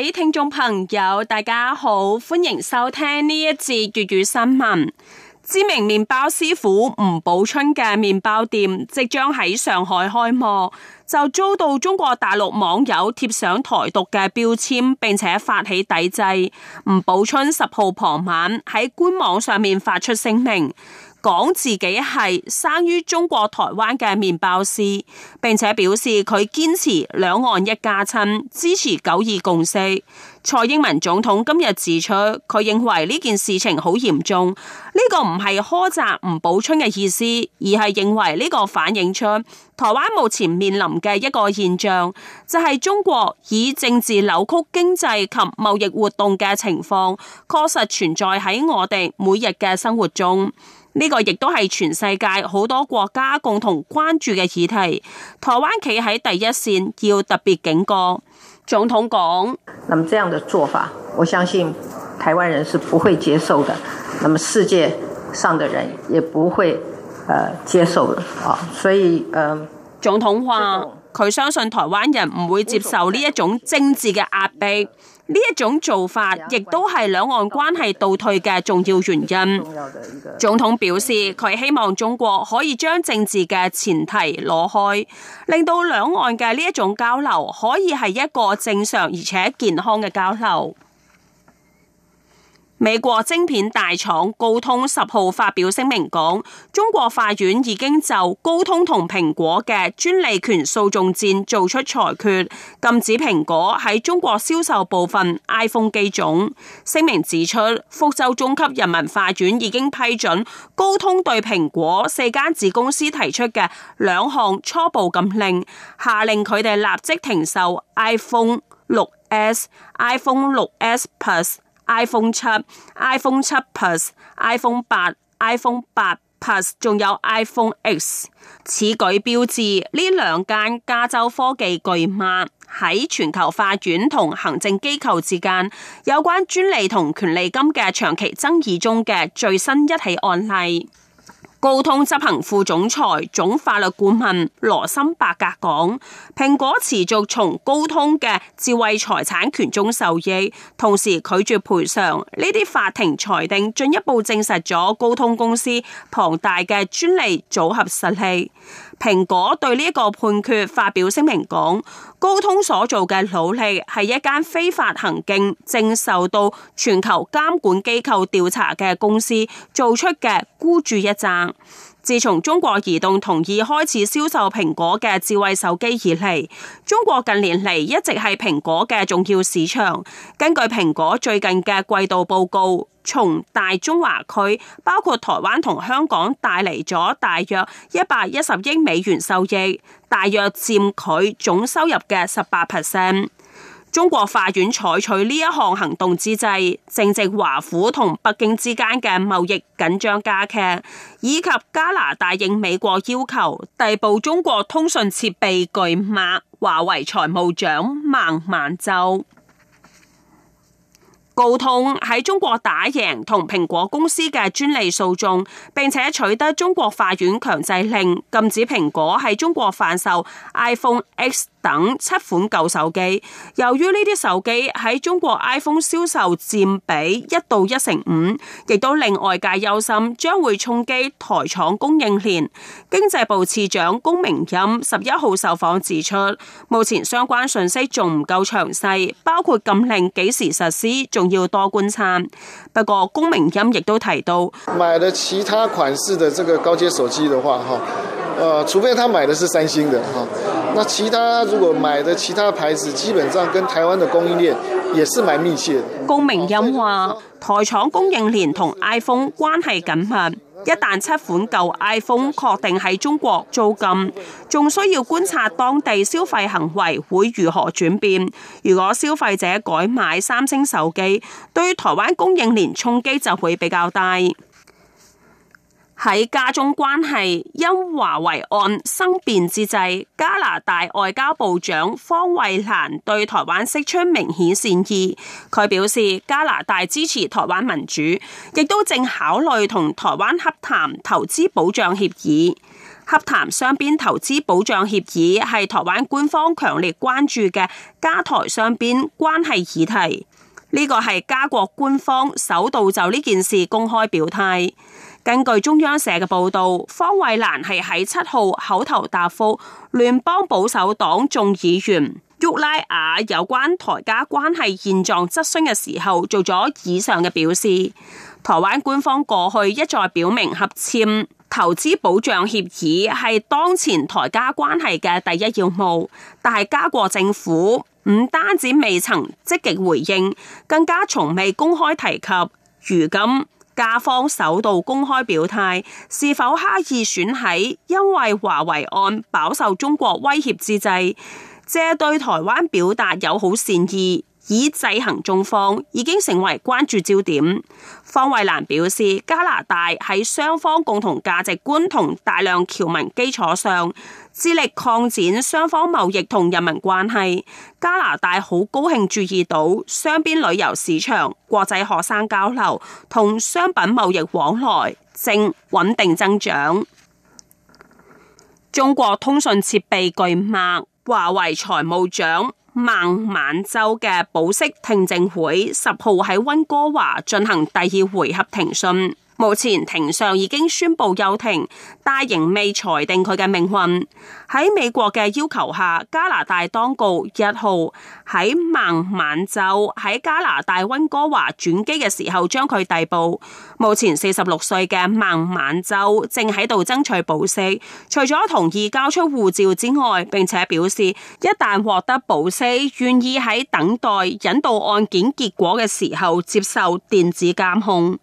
各位聽眾朋友，大家好，歡迎收聽呢一節粵語新聞。知名麵包師傅吳寶春嘅麵包店即將喺上海開幕，就遭到中國大陸網友貼上台獨嘅標籤，並且發起抵制。吳寶春十號傍晚喺官網上面發出聲明。講自己係生於中國台灣嘅麵包師，並且表示佢堅持兩岸一家親，支持九二共識。蔡英文總統今日指出，佢認為呢件事情好嚴重，呢、這個唔係苛責吳寶春嘅意思，而係認為呢個反映出台灣目前面臨嘅一個現象，就係、是、中國以政治扭曲經濟及貿易活動嘅情況確實存在喺我哋每日嘅生活中。呢個亦都係全世界好多國家共同關注嘅議題，台灣企喺第一線，要特別警告總統講。那麼這樣的做法，我相信台灣人是不會接受的，那麼世界上的人也不會誒接受嘅。啊，所以誒，呃、總統話佢種相信台灣人唔會接受呢一種政治嘅壓迫。呢一種做法亦都係兩岸關係倒退嘅重要原因。總統表示，佢希望中國可以將政治嘅前提攞開，令到兩岸嘅呢一種交流可以係一個正常而且健康嘅交流。美國晶片大廠高通十號發表聲明講，中國法院已經就高通同蘋果嘅專利權訴訟戰做出裁決，禁止蘋果喺中國銷售部分 iPhone 機種。聲明指出，福州中級人民法院已經批准高通對蘋果四間子公司提出嘅兩項初步禁令，下令佢哋立即停售 iPhone 六 S、iPhone 六 S Plus。iPhone 七、iPhone 七 Plus、iPhone 八、iPhone 八 Plus，仲有 iPhone X。此舉標誌呢兩間加州科技巨擘喺全球法院同行政機構之間有關專利同權利金嘅長期爭議中嘅最新一起案例。高通執行副總裁、總法律顧問羅森伯格講：蘋果持續從高通嘅智慧財產權中受益，同時拒絕賠償。呢啲法庭裁定進一步證實咗高通公司龐大嘅專利組合實力。蘋果對呢個判決發表聲明講：高通所做嘅努力係一間非法行徑，正受到全球監管機構調查嘅公司做出嘅孤注一擲。自從中國移動同意開始銷售蘋果嘅智慧手機以來，中國近年嚟一直係蘋果嘅重要市場。根據蘋果最近嘅季度報告，從大中華區包括台灣同香港帶嚟咗大約一百一十億美元收益，大約佔佢總收入嘅十八 percent。中國法院採取呢一項行動之際，正值華府同北京之間嘅貿易緊張加劇，以及加拿大應美國要求逮捕中國通訊設備巨擘華為財務長孟晚舟。高通喺中國打贏同蘋果公司嘅專利訴訟，並且取得中國法院強制令，禁止蘋果喺中國販售 iPhone X。等七款舊手機，由於呢啲手機喺中國 iPhone 銷售占比一到一成五，亦都令外界憂心將會衝擊台廠供應鏈。經濟部次長龔明鑫十一號受訪指出，目前相關信息仲唔夠詳細，包括禁令幾時實施，仲要多觀察。不過龔明鑫亦都提到，買咗其他款式的這個高階手機的話，哈，呃，除非他買的是三星的，哈、啊，那其他。如果買的其他牌子，基本上跟台灣的供應鏈也是蠻密切。高明音話：台廠供應鏈同 iPhone 關係緊密，一旦七款舊 iPhone 確定喺中國遭禁，仲需要觀察當地消費行為會如何轉變。如果消費者改買三星手機，對台灣供應鏈衝擊就會比較大。喺加中關係因華為案生變之際，加拿大外交部長方慧蘭對台灣釋出明顯善意。佢表示，加拿大支持台灣民主，亦都正考慮同台灣洽談投資保障協議。洽談雙邊投資保障協議係台灣官方強烈關注嘅加台雙邊關係議題。呢個係加國官方首度就呢件事公開表態。根據中央社嘅報道，方慧蘭係喺七號口頭答覆聯邦保守黨眾議員沃拉雅有關台加關係現狀質詢嘅時候，做咗以上嘅表示。台灣官方過去一再表明洽、洽簽投資保障協議係當前台加關係嘅第一要務，但係加國政府唔單止未曾積極回應，更加從未公開提及。如今。加方首度公開表態是否刻意選喺因為華為案飽受中國威脅之際，借對台灣表達友好善意，以制衡中方已經成為關注焦點。方慧蘭表示，加拿大喺雙方共同價值觀同大量僑民基礎上，致力擴展雙方貿易同人民關係。加拿大好高興注意到雙邊旅遊市場、國際學生交流同商品貿易往來正穩定增長。中國通訊設備巨擘華為財務長。孟晚舟嘅保釋聽證會十號喺溫哥華進行第二回合庭訊。目前庭上已經宣布休庭，但仍未裁定佢嘅命運。喺美國嘅要求下，加拿大當局一號喺孟晚舟喺加拿大溫哥華轉機嘅時候將佢逮捕。目前四十六歲嘅孟晚舟正喺度爭取保釋，除咗同意交出護照之外，並且表示一旦獲得保釋，願意喺等待引渡案件結果嘅時候接受電子監控。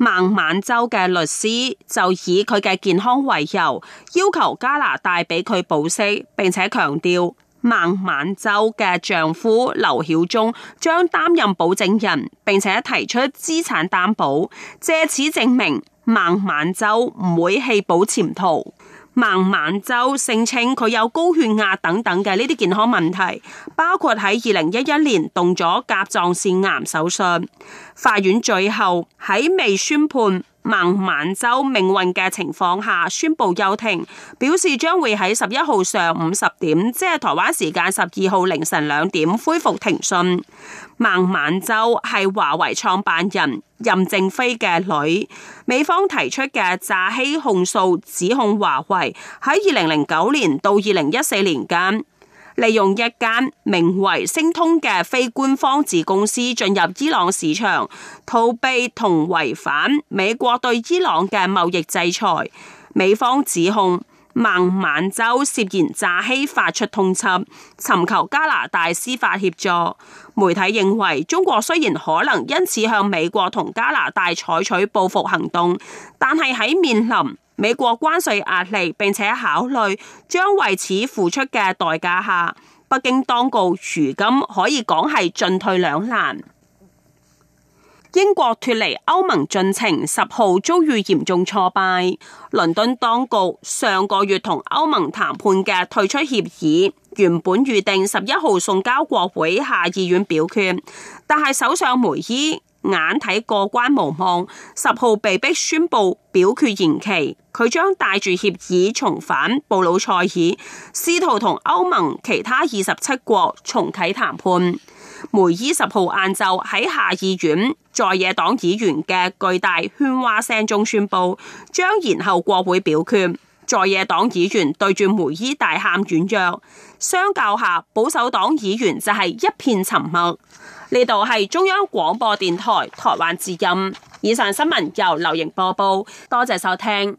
孟晚舟嘅律師就以佢嘅健康為由，要求加拿大畀佢保釋，並且強調孟晚舟嘅丈夫劉曉忠將擔任保證人，並且提出資產擔保，借此證明孟晚舟唔會棄保潛逃。孟晚舟聲稱佢有高血壓等等嘅呢啲健康問題，包括喺二零一一年動咗甲狀腺癌手術，法院最後，喺未宣判。孟晚舟命運嘅情況下宣佈休庭，表示將會喺十一號上午十點，即係台灣時間十二號凌晨兩點恢復庭訊。孟晚舟係華為創辦人任正非嘅女，美方提出嘅詐欺控訴，指控華為喺二零零九年到二零一四年間。利用一間名為星通嘅非官方子公司進入伊朗市場，逃避同違反美國對伊朗嘅貿易制裁。美方指控孟晚舟涉嫌詐欺，發出通緝，尋求加拿大司法協助。媒體認為，中國雖然可能因此向美國同加拿大採取報復行動，但係喺面臨。美國關稅壓力，並且考慮將為此付出嘅代價下，北京當局如今可以講係進退兩難。英國脫離歐盟進程十號遭遇嚴重挫敗，倫敦當局上個月同歐盟談判嘅退出協議，原本預定十一號送交國會下議院表決，但係首相梅伊。眼睇過關無望，十號被迫宣布表決延期，佢將帶住協議重返布魯塞爾，試圖同歐盟其他二十七國重啟談判。梅伊十號晏晝喺下議院在野黨議員嘅巨大喧譁聲中宣布，將延後國會表決。在野黨議員對住梅伊大喊軟弱，相較下保守黨議員就係一片沉默。呢度係中央廣播電台台灣之音。以上新聞由劉瑩播報，多謝收聽。